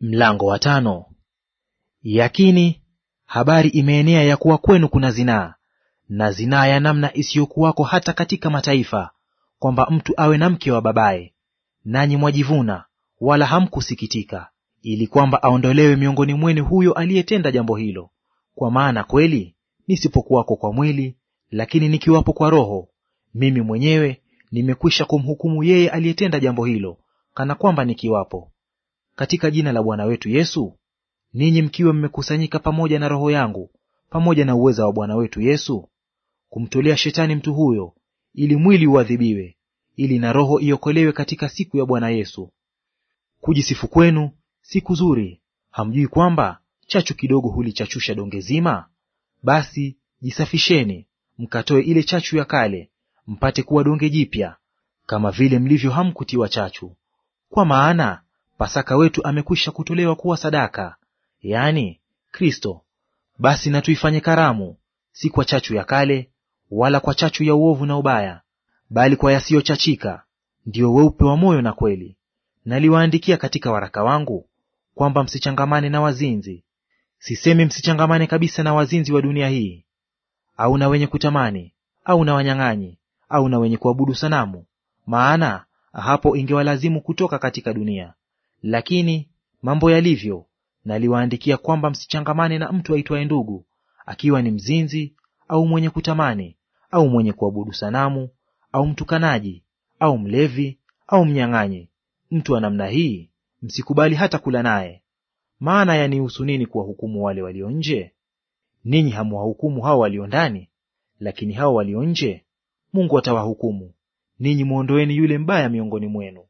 Mlango wa tano. Yakini habari imeenea ya kuwa kwenu kuna zinaa na zinaa ya namna isiyokuwako hata katika mataifa, kwamba mtu awe na mke wa babaye. Nanyi mwajivuna, wala hamkusikitika, ili kwamba aondolewe miongoni mwenu huyo aliyetenda jambo hilo. Kwa maana kweli, nisipokuwako kwa mwili, lakini nikiwapo kwa roho, mimi mwenyewe nimekwisha kumhukumu yeye aliyetenda jambo hilo, kana kwamba nikiwapo katika jina la Bwana wetu Yesu, ninyi mkiwa mmekusanyika pamoja na roho yangu pamoja na uweza wa Bwana wetu Yesu, kumtolea shetani mtu huyo, ili mwili uadhibiwe, ili na roho iokolewe katika siku ya Bwana Yesu. Kujisifu kwenu si kuzuri. Hamjui kwamba chachu kidogo hulichachusha donge zima? Basi jisafisheni, mkatoe ile chachu ya kale, mpate kuwa donge jipya, kama vile mlivyo hamkutiwa chachu. Kwa maana Pasaka wetu amekwisha kutolewa kuwa sadaka, yaani Kristo. Basi na tuifanye karamu, si kwa chachu ya kale, wala kwa chachu ya uovu na ubaya, bali kwa yasiyochachika, ndiyo weupe wa moyo na kweli. Naliwaandikia katika waraka wangu kwamba msichangamane na wazinzi. Sisemi msichangamane kabisa na wazinzi wa dunia hii, au na wenye kutamani, au na wanyang'anyi, au na wenye kuabudu sanamu, maana hapo ingewalazimu kutoka katika dunia. Lakini mambo yalivyo, naliwaandikia kwamba msichangamane na mtu aitwaye ndugu, akiwa ni mzinzi au mwenye kutamani au mwenye kuabudu sanamu au mtukanaji au mlevi au mnyang'anyi. Mtu wa namna hii msikubali hata kula naye. Maana yanihusu nini kuwahukumu wale walio nje? Ninyi hamwahukumu hao walio ndani, lakini hao walio nje Mungu atawahukumu. Ninyi mwondoeni yule mbaya miongoni mwenu.